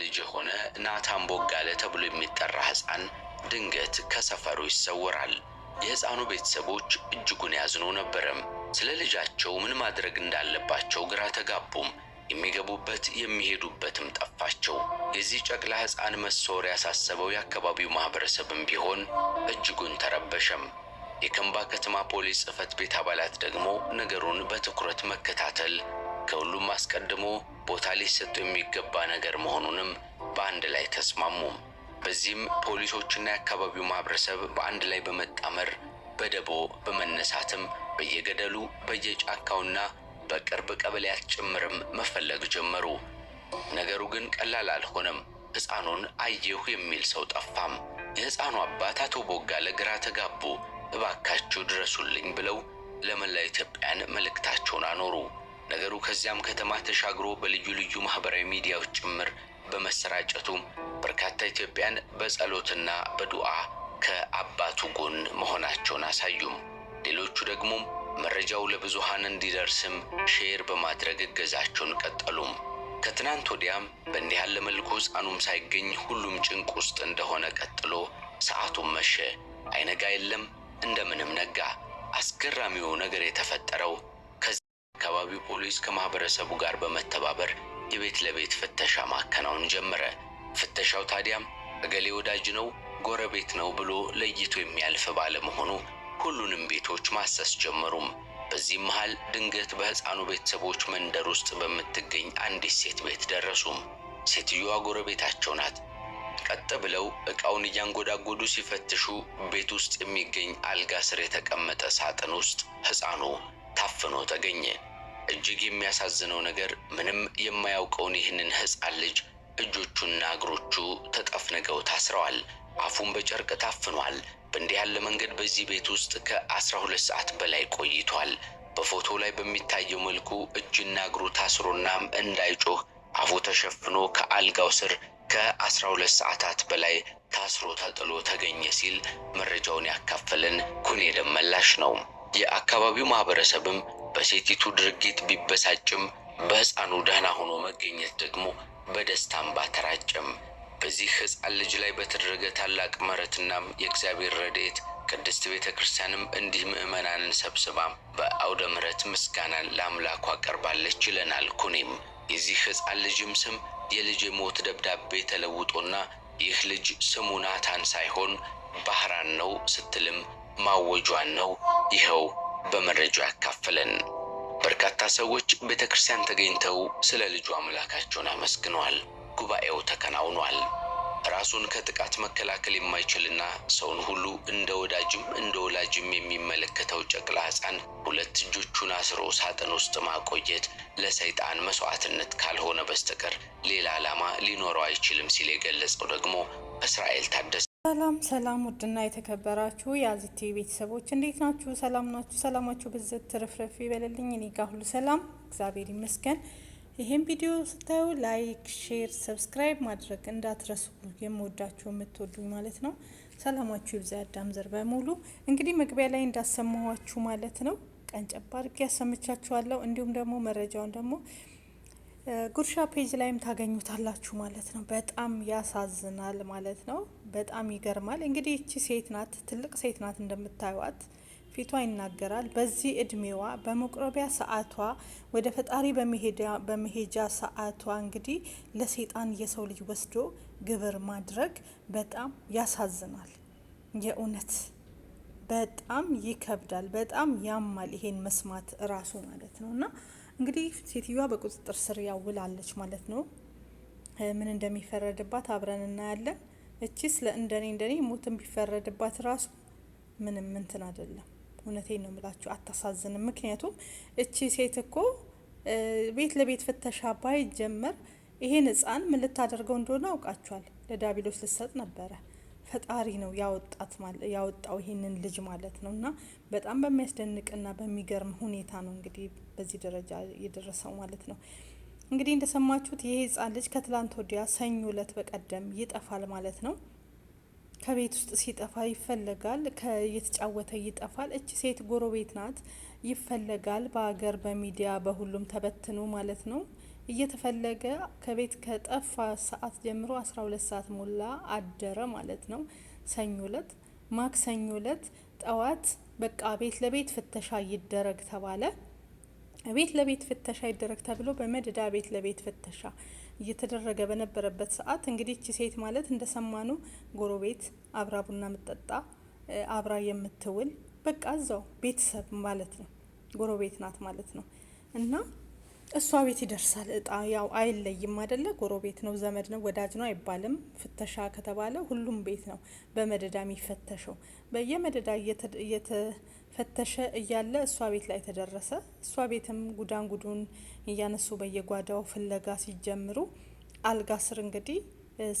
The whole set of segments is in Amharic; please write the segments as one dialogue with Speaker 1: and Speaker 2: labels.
Speaker 1: ልጅ የሆነ ናታን ቦጋለ ተብሎ የሚጠራ ህፃን ድንገት ከሰፈሩ ይሰወራል። የህፃኑ ቤተሰቦች እጅጉን ያዝኖ ነበረም። ስለ ልጃቸው ምን ማድረግ እንዳለባቸው ግራ ተጋቡም። የሚገቡበት የሚሄዱበትም ጠፋቸው። የዚህ ጨቅላ ህፃን መሰወር ያሳሰበው የአካባቢው ማህበረሰብም ቢሆን እጅጉን ተረበሸም። የከምባ ከተማ ፖሊስ ጽህፈት ቤት አባላት ደግሞ ነገሩን በትኩረት መከታተል ከሁሉም አስቀድሞ ቦታ ሊሰጡ የሚገባ ነገር መሆኑንም በአንድ ላይ ተስማሙ። በዚህም ፖሊሶችና የአካባቢው ማህበረሰብ በአንድ ላይ በመጣመር በደቦ በመነሳትም በየገደሉ በየጫካውና በቅርብ ቀበሌያት ጭምርም መፈለግ ጀመሩ። ነገሩ ግን ቀላል አልሆነም። ሕፃኑን አየሁ የሚል ሰው ጠፋም። የሕፃኑ አባት አቶ ቦጋለ ግራ ተጋቡ። እባካችሁ ድረሱልኝ ብለው ለመላ ኢትዮጵያን መልእክታቸውን አኖሩ። ነገሩ ከዚያም ከተማ ተሻግሮ በልዩ ልዩ ማህበራዊ ሚዲያዎች ጭምር በመሰራጨቱ በርካታ ኢትዮጵያን በጸሎትና በዱዓ ከአባቱ ጎን መሆናቸውን አሳዩም። ሌሎቹ ደግሞ መረጃው ለብዙሃን እንዲደርስም ሼር በማድረግ እገዛቸውን ቀጠሉም። ከትናንት ወዲያም በእንዲህ ያለ መልኩ ሕፃኑም ሳይገኝ ሁሉም ጭንቅ ውስጥ እንደሆነ ቀጥሎ ሰዓቱም መሸ። አይነጋ የለም እንደምንም ነጋ። አስገራሚው ነገር የተፈጠረው አካባቢው ፖሊስ ከማህበረሰቡ ጋር በመተባበር የቤት ለቤት ፍተሻ ማከናወን ጀመረ። ፍተሻው ታዲያም እገሌ ወዳጅ ነው፣ ጎረቤት ነው ብሎ ለይቶ የሚያልፍ ባለመሆኑ ሁሉንም ቤቶች ማሰስ ጀመሩም። በዚህም መሃል ድንገት በሕፃኑ ቤተሰቦች መንደር ውስጥ በምትገኝ አንዲት ሴት ቤት ደረሱም። ሴትዮዋ ጎረቤታቸው ናት። ቀጥ ብለው እቃውን እያንጎዳጎዱ ሲፈትሹ ቤት ውስጥ የሚገኝ አልጋ ስር የተቀመጠ ሳጥን ውስጥ ሕፃኑ ታፍኖ ተገኘ። እጅግ የሚያሳዝነው ነገር ምንም የማያውቀውን ይህንን ህፃን ልጅ እጆቹና እግሮቹ ተጠፍንገው ታስረዋል። አፉን በጨርቅ ታፍኗል። በእንዲህ ያለ መንገድ በዚህ ቤት ውስጥ ከ12 ሰዓት በላይ ቆይቷል። በፎቶ ላይ በሚታየው መልኩ እጅና እግሩ ታስሮናም እንዳይጮህ አፉ ተሸፍኖ ከአልጋው ስር ከ12 ሰዓታት በላይ ታስሮ ተጥሎ ተገኘ ሲል መረጃውን ያካፈለን ኩኔ ደመላሽ ነው። የአካባቢው ማህበረሰብም በሴቲቱ ድርጊት ቢበሳጭም በሕፃኑ ደህና ሆኖ መገኘት ደግሞ በደስታም ባተራጨም በዚህ ሕፃን ልጅ ላይ በተደረገ ታላቅ ምሕረትናም የእግዚአብሔር ረድኤት ቅድስት ቤተ ክርስቲያንም እንዲህ ምዕመናንን ሰብስባ በአውደ ምሕረት ምስጋናን ለአምላኩ አቀርባለች ይለናል ኩኔም። የዚህ ሕፃን ልጅም ስም የልጅ የሞት ደብዳቤ ተለውጦና ይህ ልጅ ስሙ ናታን ሳይሆን ባህራን ነው ስትልም ማወጇን ነው ይኸው በመረጃ ያካፈለን። በርካታ ሰዎች ቤተ ክርስቲያን ተገኝተው ስለ ልጁ አምላካቸውን አመስግነዋል። ጉባኤው ተከናውኗል። ራሱን ከጥቃት መከላከል የማይችልና ሰውን ሁሉ እንደ ወዳጅም እንደ ወላጅም የሚመለከተው ጨቅላ ሕፃን ሁለት እጆቹን አስሮ ሳጥን ውስጥ ማቆየት ለሰይጣን መስዋዕትነት ካልሆነ በስተቀር ሌላ ዓላማ ሊኖረው አይችልም ሲል የገለጸው ደግሞ እስራኤል ታደሰ
Speaker 2: ሰላም ሰላም ውድና የተከበራችሁ የአዚቴ ቤተሰቦች እንዴት ናችሁ? ሰላም ናችሁ? ሰላማችሁ ብዝት ትርፍርፍ ይበልልኝ። እኔ ጋ ሁሉ ሰላም እግዚአብሔር ይመስገን። ይህም ቪዲዮ ስታዩ ላይክ፣ ሼር፣ ሰብስክራይብ ማድረግ እንዳትረሱ። የምወዳችሁ የምትወዱኝ ማለት ነው። ሰላማችሁ ይብዛ ያዳም ዘር በሙሉ። እንግዲህ መግቢያ ላይ እንዳሰማኋችሁ ማለት ነው ቀን ጨባርጌ ያሰምቻችኋለሁ። እንዲሁም ደግሞ መረጃውን ደግሞ ጉርሻ ፔጅ ላይም ታገኙታላችሁ ማለት ነው። በጣም ያሳዝናል ማለት ነው። በጣም ይገርማል። እንግዲህ እቺ ሴት ናት፣ ትልቅ ሴት ናት እንደምታዩዋት ፊቷ ይናገራል። በዚህ እድሜዋ በመቁረቢያ ሰዓቷ ወደ ፈጣሪ በመሄጃ ሰዓቷ እንግዲህ ለሰይጣን የሰው ልጅ ወስዶ ግብር ማድረግ በጣም ያሳዝናል። የእውነት በጣም ይከብዳል። በጣም ያማል ይሄን መስማት እራሱ ማለት ነው እና እንግዲህ ሴትዮዋ በቁጥጥር ስር ያውላለች ማለት ነው። ምን እንደሚፈረድባት አብረን እናያለን። እቺ ስለ እንደኔ ሞትን ቢፈረድባት ራሱ ምንም ምንትን አይደለም። እውነቴን ነው ምላችሁ፣ አታሳዝንም። ምክንያቱም እቺ ሴት እኮ ቤት ለቤት ፍተሻ ባይጀመር ይሄን ህፃን ምን ልታደርገው እንደሆነ አውቃችኋል። ለዳቢሎስ ልሰጥ ነበረ። ፈጣሪ ነው ያወጣት ያወጣው ይሄንን ልጅ ማለት ነው። እና በጣም በሚያስደንቅና በሚገርም ሁኔታ ነው እንግዲህ በዚህ ደረጃ የደረሰው ማለት ነው። እንግዲህ እንደሰማችሁት ይሄ ህጻን ልጅ ከትላንት ወዲያ ሰኞ እለት በቀደም ይጠፋል ማለት ነው። ከቤት ውስጥ ሲጠፋ ይፈለጋል። እየተጫወተ ይጠፋል። እቺ ሴት ጎረቤት ናት። ይፈለጋል በሀገር በሚዲያ በሁሉም ተበትኖ ማለት ነው። እየተፈለገ ከቤት ከጠፋ ሰዓት ጀምሮ አስራ ሁለት ሰዓት ሞላ አደረ ማለት ነው። ሰኞ እለት ማክሰኞ እለት ጠዋት በቃ ቤት ለቤት ፍተሻ ይደረግ ተባለ። ቤት ለቤት ፍተሻ ይደረግ ተብሎ በመደዳ ቤት ለቤት ፍተሻ እየተደረገ በነበረበት ሰዓት እንግዲህ እቺ ሴት ማለት እንደሰማኑ ጎረቤት፣ አብራ ቡና ምጠጣ፣ አብራ የምትውል በቃ እዛው ቤተሰብ ማለት ነው፣ ጎረቤት ናት ማለት ነው። እና እሷ ቤት ይደርሳል እጣ። ያው አይለይም አደለ? ጎረቤት ነው፣ ዘመድ ነው፣ ወዳጅ ነው አይባልም። ፍተሻ ከተባለ ሁሉም ቤት ነው በመደዳ የሚፈተሸው በየመደዳ እየፈተሸ እያለ እሷ ቤት ላይ ተደረሰ። እሷ ቤትም ጉዳን ጉዱን እያነሱ በየጓዳው ፍለጋ ሲጀምሩ አልጋ ስር እንግዲህ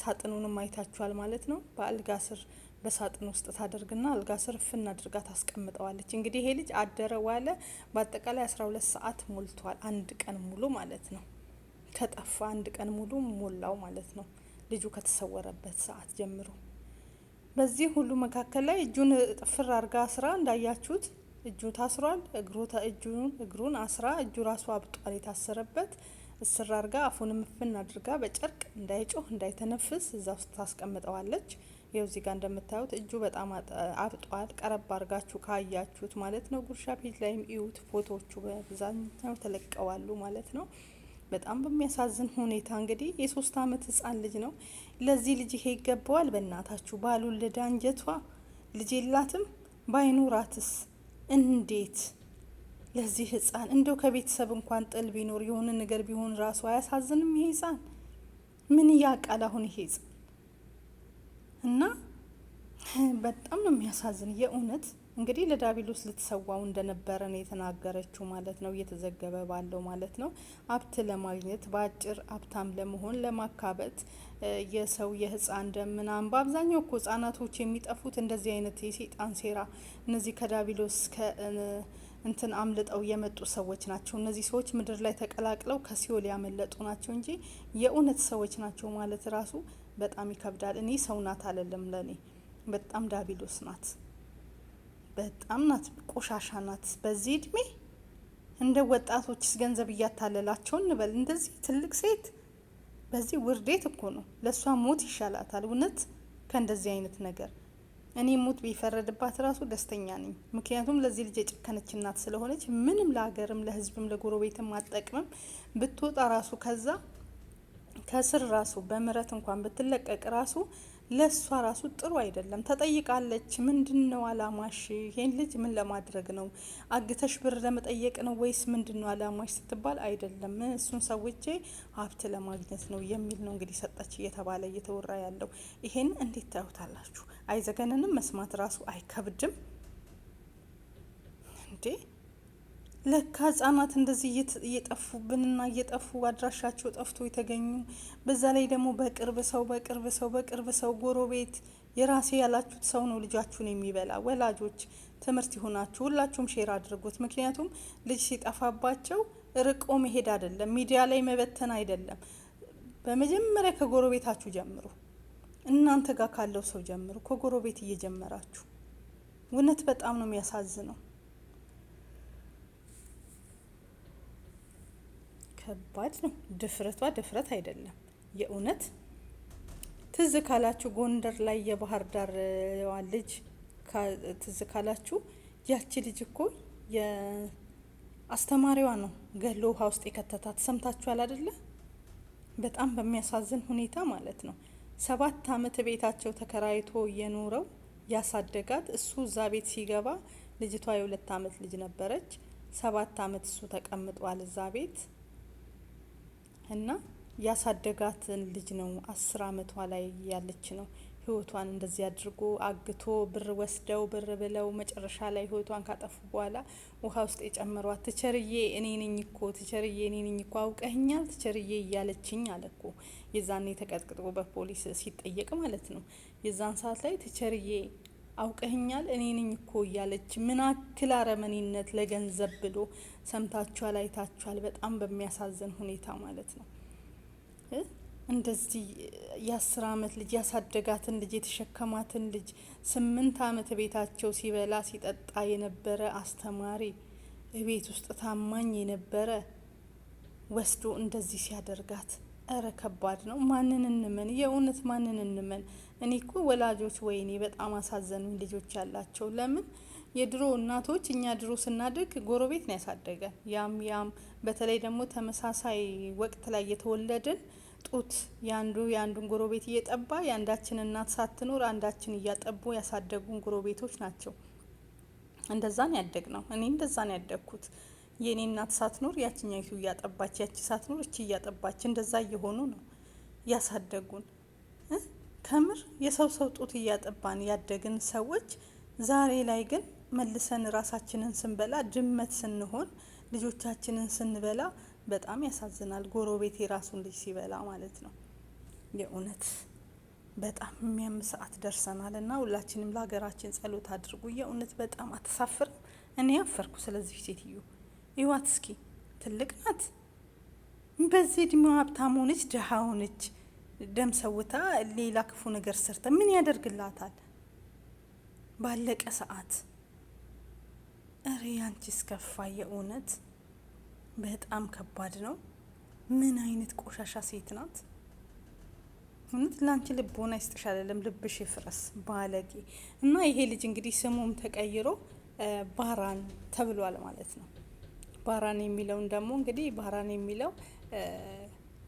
Speaker 2: ሳጥኑንም አይታችኋል ማለት ነው። በአልጋ ስር በሳጥን ውስጥ ታደርግና አልጋ ስር ፍና አድርጋ ታስቀምጠዋለች። እንግዲህ ይሄ ልጅ አደረ ዋለ፣ በአጠቃላይ አስራ ሁለት ሰዓት ሞልቷል። አንድ ቀን ሙሉ ማለት ነው። ከጠፋ አንድ ቀን ሙሉ ሞላው ማለት ነው ልጁ ከተሰወረበት ሰዓት ጀምሮ በዚህ ሁሉ መካከል ላይ እጁን ጥፍር አርጋ አስራ እንዳያችሁት እጁ ታስሯል። እግሩ እጁን እግሩን አስራ እጁ ራሱ አብጧል የታሰረበት እስር አርጋ አፉን ምፍን አድርጋ በጨርቅ እንዳይጮህ እንዳይተነፍስ እዛ ውስጥ ታስቀምጠዋለች። ይኸው እዚህ ጋር እንደምታዩት እጁ በጣም አብጧል። ቀረብ አርጋችሁ ካያችሁት ማለት ነው። ጉርሻ ፔጅ ላይም እዩት፣ ፎቶዎቹ በብዛት ተለቀዋሉ ማለት ነው። በጣም በሚያሳዝን ሁኔታ እንግዲህ የሶስት አመት ህጻን ልጅ ነው። ለዚህ ልጅ ይሄ ይገባዋል? በእናታችሁ ባልወለደ አንጀቷ ልጅ የላትም ባይኖራትስ እንዴት ለዚህ ህጻን እንደው ከቤተሰብ እንኳን ጥል ቢኖር የሆነ ነገር ቢሆን ራሱ አያሳዝንም? ይሄ ህጻን ምን ያቃል አሁን ይሄ ህጻን እና በጣም ነው የሚያሳዝን የእውነት እንግዲህ ለዳቢሎስ ልትሰዋው እንደነበረ ነው የተናገረችው ማለት ነው፣ እየተዘገበ ባለው ማለት ነው። ሀብት ለማግኘት በአጭር ሀብታም ለመሆን ለማካበት የሰው የህፃን ደም ምናምን በአብዛኛው እኮ ህጻናቶች የሚጠፉት እንደዚህ አይነት የሴጣን ሴራ እነዚህ ከዳቢሎስ እንትን አምልጠው የመጡ ሰዎች ናቸው። እነዚህ ሰዎች ምድር ላይ ተቀላቅለው ከሲኦል ያመለጡ ናቸው እንጂ የእውነት ሰዎች ናቸው ማለት ራሱ በጣም ይከብዳል። እኔ ሰው ናት አለለም፣ ለእኔ በጣም ዳቢሎስ ናት። በጣም ናት፣ ቆሻሻ ናት። በዚህ እድሜ እንደ ወጣቶችስ ገንዘብ እያታለላቸው እንበል። እንደዚህ ትልቅ ሴት በዚህ ውርዴት እኮ ነው። ለእሷ ሞት ይሻላታል እውነት ከእንደዚህ አይነት ነገር። እኔ ሞት ቢፈረድባት ራሱ ደስተኛ ነኝ። ምክንያቱም ለዚህ ልጅ የጨከነች እናት ስለሆነች ምንም ለሀገርም ለሕዝብም ለጎረቤትም አጠቅምም። ብትወጣ ራሱ ከዛ ከስር ራሱ በምረት እንኳን ብትለቀቅ ራሱ ለእሷ ራሱ ጥሩ አይደለም። ተጠይቃለች። ምንድን ነው አላማሽ? ይሄን ልጅ ምን ለማድረግ ነው? አግተሽ ብር ለመጠየቅ ነው ወይስ ምንድን ነው አላማሽ ስትባል አይደለም እሱን ሰውቼ ሀብት ለማግኘት ነው የሚል ነው እንግዲህ ሰጠች እየተባለ እየተወራ ያለው። ይሄን እንዴት ታዩታላችሁ? አይዘገነንም መስማት ራሱ አይከብድም እንዴ? ለካ ህጻናት እንደዚህ እየጠፉብንና እየጠፉ አድራሻቸው ጠፍቶ የተገኙ በዛ ላይ ደግሞ በቅርብ ሰው በቅርብ ሰው በቅርብ ሰው ጎረቤት የራሴ ያላችሁት ሰው ነው ልጃችሁን የሚበላ። ወላጆች ትምህርት ይሆናችሁ፣ ሁላችሁም ሼር አድርጉት። ምክንያቱም ልጅ ሲጠፋባቸው ርቆ መሄድ አይደለም፣ ሚዲያ ላይ መበተን አይደለም። በመጀመሪያ ከጎረቤታችሁ ጀምሩ። እናንተ ጋር ካለው ሰው ጀምሩ፣ ከጎረቤት እየጀመራችሁ። እውነት በጣም ነው የሚያሳዝነው። ከባድ ነው። ድፍረቷ ድፍረት አይደለም የእውነት ትዝ ካላችሁ ጎንደር ላይ የባህር ዳር ልጅ ትዝ ካላችሁ ያቺ ልጅ እኮ የአስተማሪዋ ነው ገሎ ውሃ ውስጥ የከተታት ሰምታችኋል አይደለ በጣም በሚያሳዝን ሁኔታ ማለት ነው። ሰባት አመት ቤታቸው ተከራይቶ የኖረው ያሳደጋት እሱ እዛ ቤት ሲገባ ልጅቷ የሁለት አመት ልጅ ነበረች። ሰባት አመት እሱ ተቀምጧል እዛ ቤት እና ያሳደጋትን ልጅ ነው አስር አመቷ ላይ ያለች ነው ህይወቷን እንደዚህ አድርጎ አግቶ ብር ወስደው ብር ብለው መጨረሻ ላይ ህይወቷን ካጠፉ በኋላ ውሃ ውስጥ የጨመሯት ትቸርዬ እኔ ነኝ እኮ ትቸርዬ እኔ ነኝ እኮ አውቀኛል ትቸርዬ እያለችኝ አለ የዛኔ ተቀጥቅጦ በፖሊስ ሲጠየቅ ማለት ነው የዛን ሰዓት ላይ ትቸርዬ አውቀህኛል እኔ ነኝ እኮ እያለች ምን አክል አረመኔነት ለገንዘብ ብሎ ሰምታችኋል፣ አይታችኋል። በጣም በሚያሳዝን ሁኔታ ማለት ነው። እንደዚህ የአስር አመት ልጅ ያሳደጋትን ልጅ የተሸከማትን ልጅ ስምንት አመት ቤታቸው ሲበላ ሲጠጣ የነበረ አስተማሪ ቤት ውስጥ ታማኝ የነበረ ወስዶ እንደዚህ ሲያደርጋት እረ ከባድ ነው። ማንን እንመን? የእውነት ማንን እንመን? እኔ እኮ ወላጆች ወይኔ በጣም አሳዘኑኝ። ልጆች ያላቸው ለምን የድሮ እናቶች እኛ ድሮ ስናድግ ጎረቤት ነው ያሳደገን። ያም ያም በተለይ ደግሞ ተመሳሳይ ወቅት ላይ የተወለድን ጡት የአንዱ የአንዱን ጎረቤት እየጠባ የአንዳችን እናት ሳትኖር አንዳችን እያጠቡ ያሳደጉን ጎረቤቶች ናቸው። እንደዛን ያደግ ነው። እኔ እንደዛን ያደግኩት የእኔ እናት ሳትኖር ያችኛይቱ እያጠባች ያቺ ሳትኖር እቺ እያጠባች እንደዛ እየሆኑ ነው ያሳደጉን። ከምር የሰው ሰው ጡት እያጠባን ያደግን ሰዎች ዛሬ ላይ ግን መልሰን ራሳችንን ስንበላ ድመት ስንሆን ልጆቻችንን ስንበላ በጣም ያሳዝናል። ጎረቤት የራሱን ልጅ ሲበላ ማለት ነው። የእውነት በጣም የሚያም ሰዓት ደርሰናል እና ሁላችንም ለሀገራችን ጸሎት አድርጉ። የእውነት በጣም አተሳፍርም። እኔ ያፈርኩ ስለዚህ ሴትዮ። ይዋት እስኪ ትልቅ ናት። በዚህ እድሜዋ ሀብታም ሆነች ድሃ ሆነች፣ ደም ሰውታ ሌላ ክፉ ነገር ሰርተ ምን ያደርግላታል? ባለቀ ሰዓት እሬ አንቺ እስከፋ። የእውነት በጣም ከባድ ነው። ምን አይነት ቆሻሻ ሴት ናት? እውነት ለአንቺ ልቦና ይስጥሽ ልብሽ ፍረስ ባለጌ። እና ይሄ ልጅ እንግዲህ ስሙም ተቀይሮ ባራን ተብሏል ማለት ነው። ባህራን የሚለውን ደግሞ እንግዲህ ባህራን የሚለው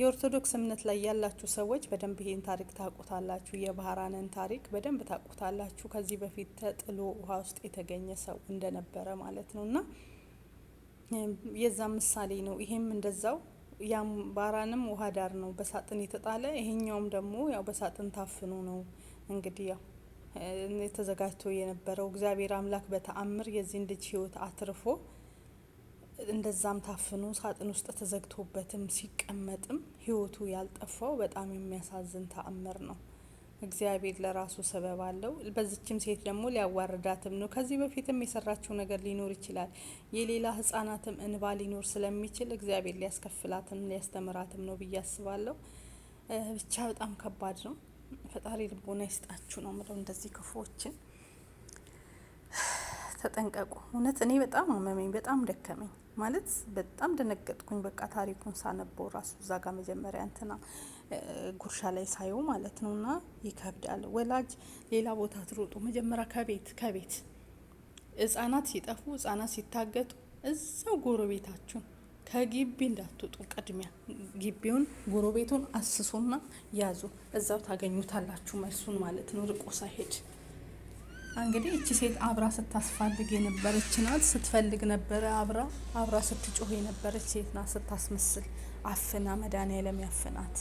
Speaker 2: የኦርቶዶክስ እምነት ላይ ያላችሁ ሰዎች በደንብ ይሄን ታሪክ ታቁታላችሁ የባህራንን ታሪክ በደንብ ታቁታላችሁ ከዚህ በፊት ተጥሎ ውሃ ውስጥ የተገኘ ሰው እንደነበረ ማለት ነው እና የዛ ምሳሌ ነው። ይሄም እንደዛው ያም ባህራንም ውሃ ዳር ነው በሳጥን የተጣለ ይሄኛውም ደግሞ ያው በሳጥን ታፍኖ ነው እንግዲህ ያው ተዘጋጅቶ የነበረው እግዚአብሔር አምላክ በተአምር የዚህን ልጅ ህይወት አትርፎ እንደዛም ታፍኖ ሳጥን ውስጥ ተዘግቶበትም ሲቀመጥም ህይወቱ ያልጠፋው በጣም የሚያሳዝን ተአምር ነው። እግዚአብሔር ለራሱ ሰበብ አለው። በዚችም ሴት ደግሞ ሊያዋርዳትም ነው። ከዚህ በፊትም የሰራችው ነገር ሊኖር ይችላል። የሌላ ህጻናትም እንባ ሊኖር ስለሚችል እግዚአብሔር ሊያስከፍላትም ሊያስተምራትም ነው ብዬ አስባለሁ። ብቻ በጣም ከባድ ነው። ፈጣሪ ልቦና ይስጣችሁ ነው ምለው እንደዚህ ክፉዎችን ተጠንቀቁ። እውነት እኔ በጣም አመመኝ፣ በጣም ደከመኝ ማለት በጣም ደነገጥኩኝ። በቃ ታሪኩን ሳነበው ራሱ እዛ ጋር መጀመሪያ እንትና ጉርሻ ላይ ሳየው ማለት ነው። እና ይከብዳል። ወላጅ ሌላ ቦታ ትሮጡ መጀመሪያ ከቤት ከቤት ህጻናት ሲጠፉ፣ ህጻናት ሲታገጡ እዛው ጎረቤታችሁን ከግቢ እንዳትወጡ። ቅድሚያ ግቢውን ጎረቤቱን አስሶና ያዙ። እዛው ታገኙታላችሁ መልሱን ማለት ነው፣ ርቆ ሳይሄድ እንግዲህ እቺ ሴት አብራ ስታስፋልግ የነበረች ናት። ስትፈልግ ነበረ አብራ አብራ ስትጮህ የነበረች ሴት ናት። ስታስመስል አፍና መድኃኒዓለም ያፍናት።